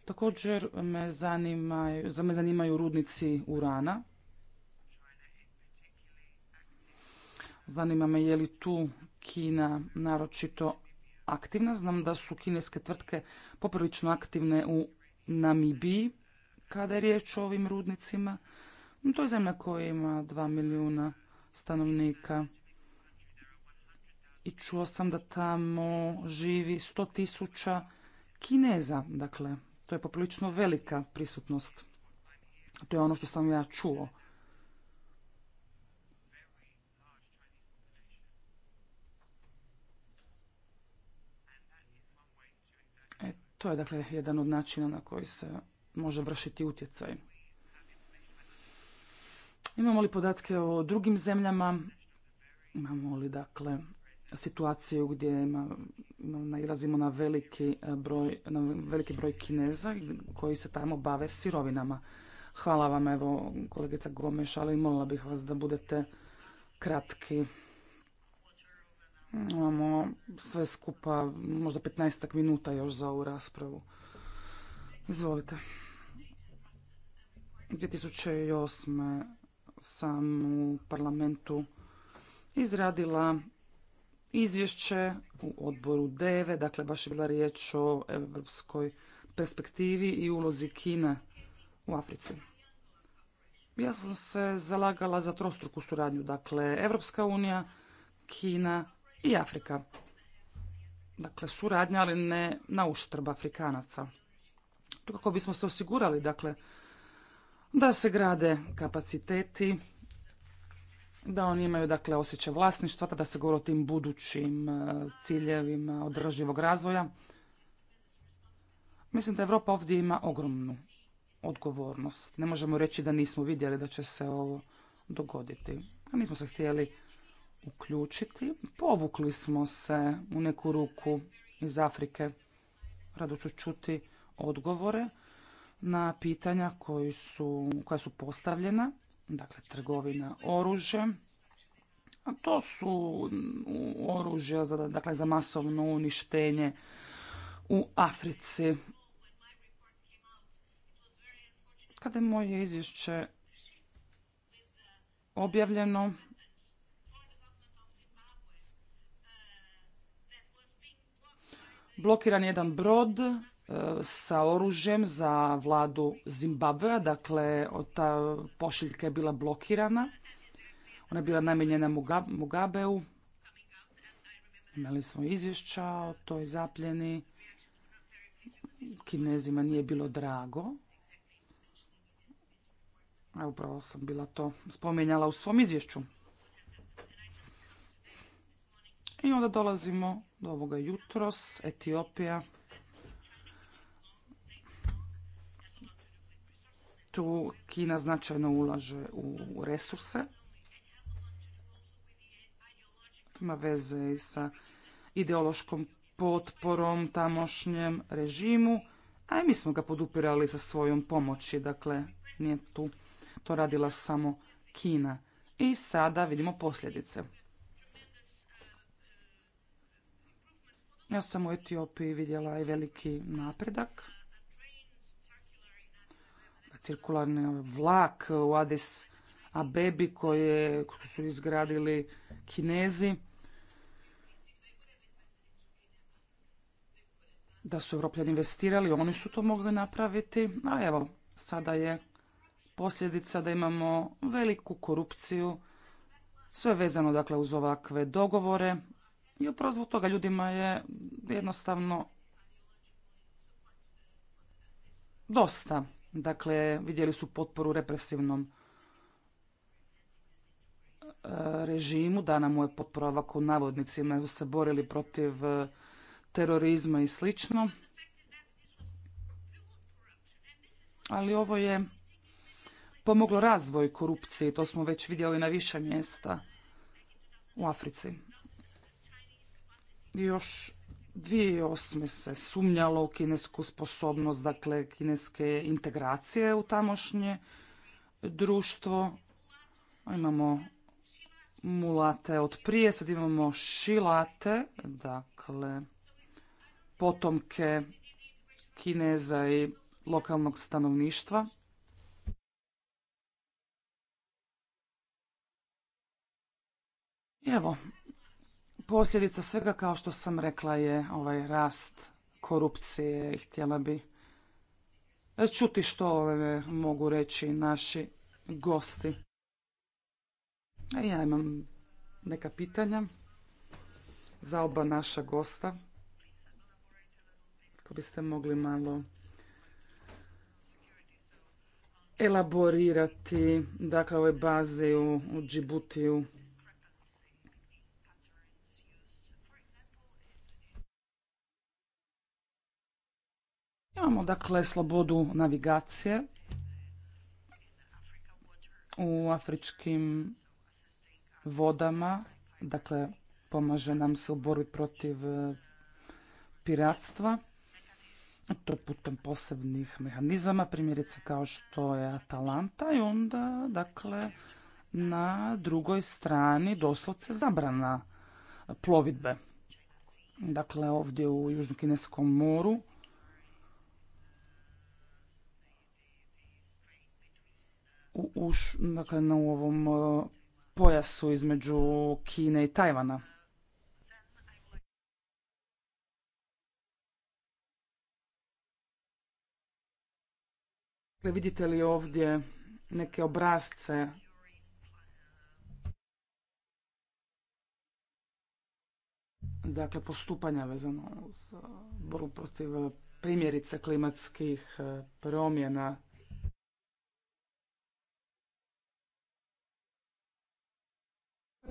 Također me, zanimaju, me zanimaju rudnici urana. Zanima me je li tu Kina naročito aktivna. Znam da su kineske tvrtke poprilično aktivne u Namibiji kada je riječ o ovim rudnicima. To je zemlja koja ima 2 milijuna stanovnika. I čuo sam da tamo živi 100 tisuća Kineza. Dakle, to je poprilično velika prisutnost. To je ono što sam ja čuo. To je dakle jedan od načina na koji se može vršiti utjecaj. Imamo li podatke o drugim zemljama? Imamo li dakle situaciju gdje ima, nalazimo na veliki e, broj, na veliki broj Kineza koji se tamo bave sirovinama. Hvala vam, evo, kolegica Gomeš, ali molila bih vas da budete kratki. Imamo sve skupa možda 15 minuta još za ovu raspravu. Izvolite. 2008. sam u parlamentu izradila izvješće u odboru 9, dakle baš je bila riječ o evropskoj perspektivi i ulozi Kine u Africi. Ja sam se zalagala za trostruku suradnju, dakle Evropska unija, Kina i Afrika. Dakle, suradnja, ali ne na uštrb Afrikanaca. To kako bismo se osigurali, dakle, da se grade kapaciteti, da oni imaju dakle osjećaj vlasništva, pa da se govori o tim budućim e, ciljevima održivog razvoja. Mislim da Evropa ovdje ima ogromnu odgovornost. Ne možemo reći da nismo vidjeli da će se ovo dogoditi. A mi se htjeli uključiti. Povukli smo se u neku ruku iz Afrike. Rado ću čuti odgovore na pitanja koji su, koja su postavljena, dakle trgovina oružjem, a to su oružja za, dakle, za masovno uništenje u Africi. Kada je moje izvješće objavljeno, blokiran jedan brod e, sa oružjem za vladu Zimbabvea, dakle ta pošiljka je bila blokirana. Ona je bila namijenjena Mugabeu. Imali smo izvješća o toj zapljeni. Kinezima nije bilo drago. A upravo sam bila to spominjala u svom izvješću. I onda dolazimo do ovoga jutros, Etiopija. Tu Kina značajno ulaže u resurse. Ima veze i sa ideološkom potporom tamošnjem režimu, a i mi smo ga podupirali sa svojom pomoći, dakle nije tu to radila samo Kina. I sada vidimo posljedice. Ja sam u Etiopiji vidjela i veliki napredak. Cirkularni vlak u Addis Abebi koje su izgradili Kinezi. Da su Evropljani investirali, oni su to mogli napraviti, a evo, sada je posljedica da imamo veliku korupciju, sve vezano dakle uz ovakve dogovore, i upravo zbog toga ljudima je jednostavno dosta. Dakle, vidjeli su potporu represivnom e, režimu, dana mu je potpora ovako navodnicima, su se borili protiv e, terorizma i slično. Ali ovo je pomoglo razvoj korupcije, to smo već vidjeli na više mjesta u Africi. Još 2008. se sumnjalo u kinesku sposobnost, dakle kineske integracije u tamošnje društvo. Imamo mulate od prije, sad imamo šilate, dakle potomke kineza i lokalnog stanovništva. I evo, Posljedica svega, kao što sam rekla, je ovaj rast korupcije i htjela bi čuti što mogu reći naši gosti. Ja imam neka pitanja za oba naša gosta. Ako biste mogli malo elaborirati dakle ove baze u, u Imamo dakle slobodu navigacije u afričkim vodama, dakle pomaže nam se u borbi protiv e, piratstva. To putem posebnih mehanizama, primjerice kao što je Atalanta i onda dakle na drugoj strani doslovce zabrana plovidbe. Dakle ovdje u Južnokineskom moru u, uš, dakle, na ovom e, pojasu između Kine i Tajvana. Dakle, vidite li ovdje neke obrazce dakle postupanja vezano s borbu protiv e, primjerice klimatskih e, promjena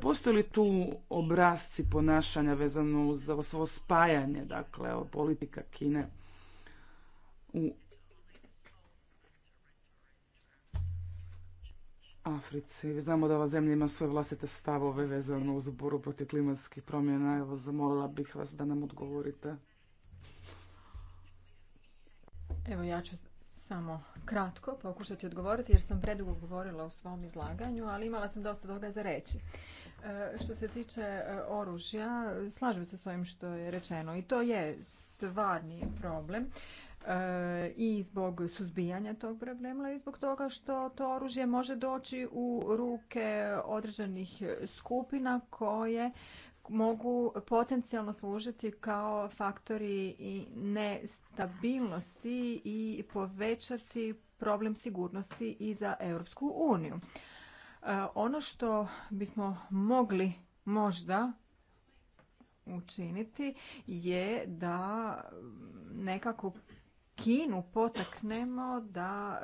Postoje li tu obrazci ponašanja vezano za svoje spajanje, dakle, politika Kine u Africi. Znamo da ova zemlja ima svoje vlastite stavove vezano uz boru protiv klimatskih promjena. Evo, zamolila bih vas da nam odgovorite. Evo, ja ću samo kratko pokušati odgovoriti jer sam predugo govorila u svom izlaganju, ali imala sam dosta toga za reći. E, što se tiče e, oružja, slažem se s ovim što je rečeno i to je stvarni problem e, i zbog suzbijanja tog problema i zbog toga što to oružje može doći u ruke određenih skupina koje mogu potencijalno služiti kao faktori nestabilnosti i povećati problem sigurnosti i za Europsku uniju. E, ono što bismo mogli možda učiniti je da nekako Kinu potaknemo da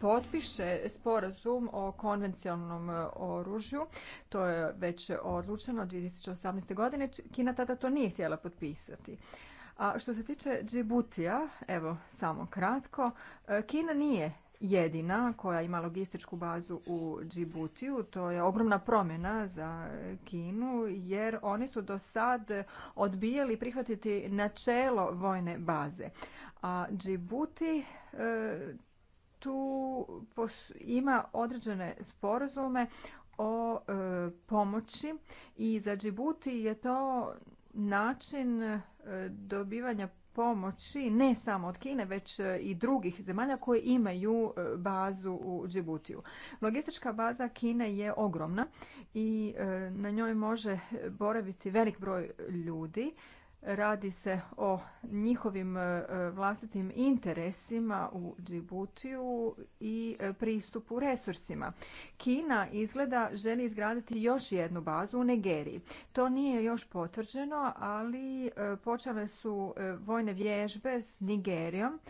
potpiše sporazum o konvencionalnom e, oružju. To je već odlučeno 2018. godine. Kina tada to nije htjela potpisati. A što se tiče Džibutija, evo samo kratko, e, Kina nije jedina koja ima logističku bazu u Džibutiju. To je ogromna promjena za Kinu jer oni su do sad odbijali prihvatiti načelo vojne baze. A Džibuti e, tu ima određene sporazume o e, pomoći i za Džibuti je to način e, dobivanja pomoći ne samo od Kine, već e, i drugih zemalja koje imaju e, bazu u Džibutiju. Logistička baza Kine je ogromna i e, na njoj može boraviti velik broj ljudi Radi se o njihovim e, vlastitim interesima u Džibutiju i e, pristupu resursima. Kina izgleda želi izgraditi još jednu bazu u Nigeriji. To nije još potvrđeno, ali e, počele su vojne vježbe s Nigerijom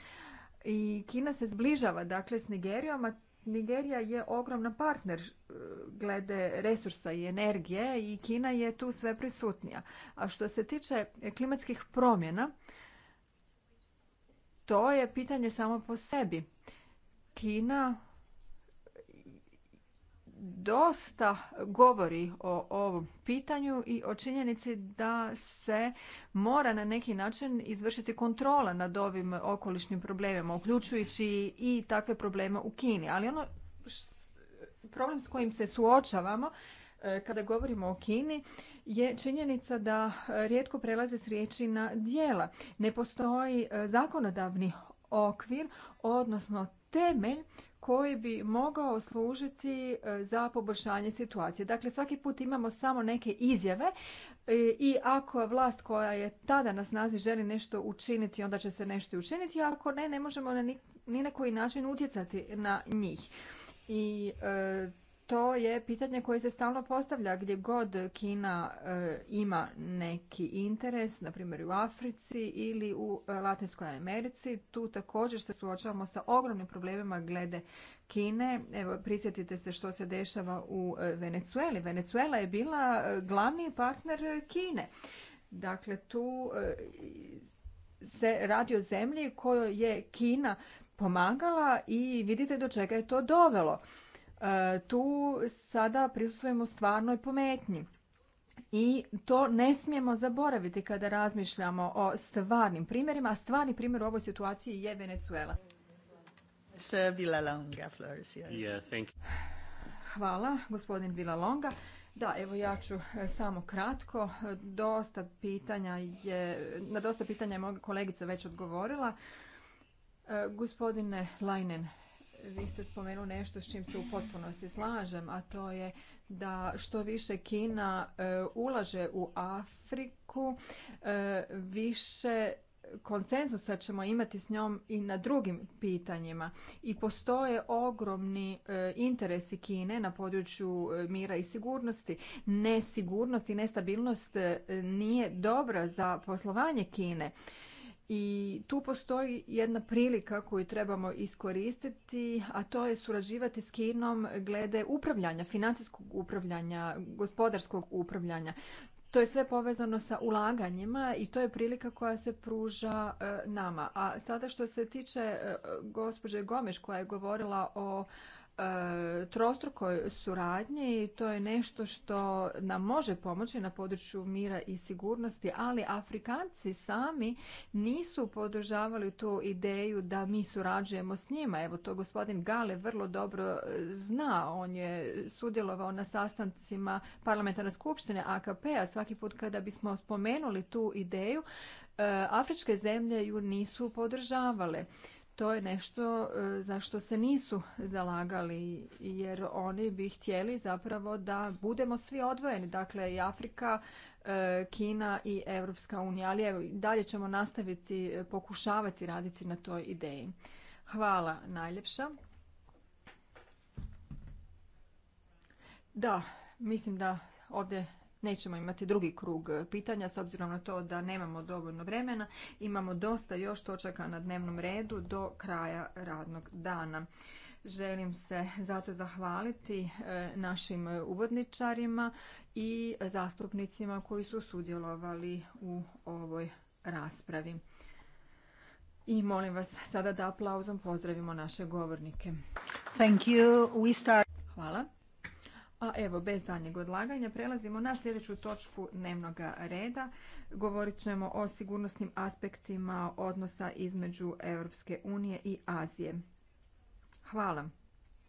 i Kina se zbližava dakle s Nigerijom, a Nigerija je ogroman partner eh, glede resursa i energije i Kina je tu sve prisutnija. A što se tiče klimatskih promjena, to je pitanje samo po sebi. Kina dosta govori o ovom pitanju i o činjenici da se mora na neki način izvršiti kontrola nad ovim okolišnim problemima, uključujući i takve probleme u Kini. Ali ono problem s kojim se suočavamo e, kada govorimo o Kini je činjenica da e, rijetko prelaze s riječi na dijela. Ne postoji e, zakonodavni okvir, odnosno temelj koji bi mogao služiti e, za poboljšanje situacije. Dakle, svaki put imamo samo neke izjave e, i ako vlast koja je tada na snazi želi nešto učiniti, onda će se nešto učiniti, a ako ne, ne možemo ni na koji način utjecati na njih. I e, to je pitanje koje se stalno postavlja gdje god Kina e, ima neki interes, na primjer u Africi ili u e, Latinskoj Americi. Tu također se suočavamo sa ogromnim problemima glede Kine. Evo, prisjetite se što se dešava u e, Venecueli. Venecuela je bila glavni partner Kine. Dakle, tu se radi o zemlji kojoj je Kina pomagala i vidite do čega je to dovelo. E, tu sada prisustujemo stvarnoj pometnji. I to ne smijemo zaboraviti kada razmišljamo o stvarnim primjerima, a stvarni primjer u ovoj situaciji je Venezuela. Hvala, gospodin Villalonga. Da, evo ja ću e, samo kratko. Dosta pitanja je, na dosta pitanja je moja kolegica već odgovorila. E, gospodine Lajnen, vi ste spomenuli nešto s čim se u potpunosti slažem, a to je da što više Kina e, ulaže u Afriku, e, više konsenzusa ćemo imati s njom i na drugim pitanjima. I postoje ogromni e, interesi Kine na području mira i sigurnosti. Nesigurnost i nestabilnost nije dobra za poslovanje Kine i tu postoji jedna prilika koju trebamo iskoristiti, a to je surađivati s Kinom glede upravljanja, financijskog upravljanja, gospodarskog upravljanja. To je sve povezano sa ulaganjima i to je prilika koja se pruža e, nama. A sada što se tiče e, gospođe Gomeš koja je govorila o E, trostrukoj suradnji i to je nešto što nam može pomoći na području mira i sigurnosti, ali Afrikanci sami nisu podržavali tu ideju da mi surađujemo s njima. Evo to gospodin Gale vrlo dobro zna. On je sudjelovao na sastancima parlamentarne skupštine AKP-a. Svaki put kada bismo spomenuli tu ideju, e, afričke zemlje ju nisu podržavale to je nešto e, za što se nisu zalagali jer oni bi htjeli zapravo da budemo svi odvojeni, dakle i Afrika, e, Kina i Europska unija, ali evo dalje ćemo nastaviti e, pokušavati raditi na toj ideji. Hvala najljepša. Da, mislim da ovdje Nećemo imati drugi krug pitanja s obzirom na to da nemamo dovoljno vremena. Imamo dosta još točaka na dnevnom redu do kraja radnog dana. Želim se zato zahvaliti e, našim uvodničarima i zastupnicima koji su sudjelovali u ovoj raspravi. I molim vas sada da aplauzom pozdravimo naše govornike. Hvala. A evo, bez daljnjeg odlaganja, prelazimo na sljedeću točku dnevnog reda. Govorit ćemo o sigurnosnim aspektima odnosa između Europske unije i Azije. Hvala.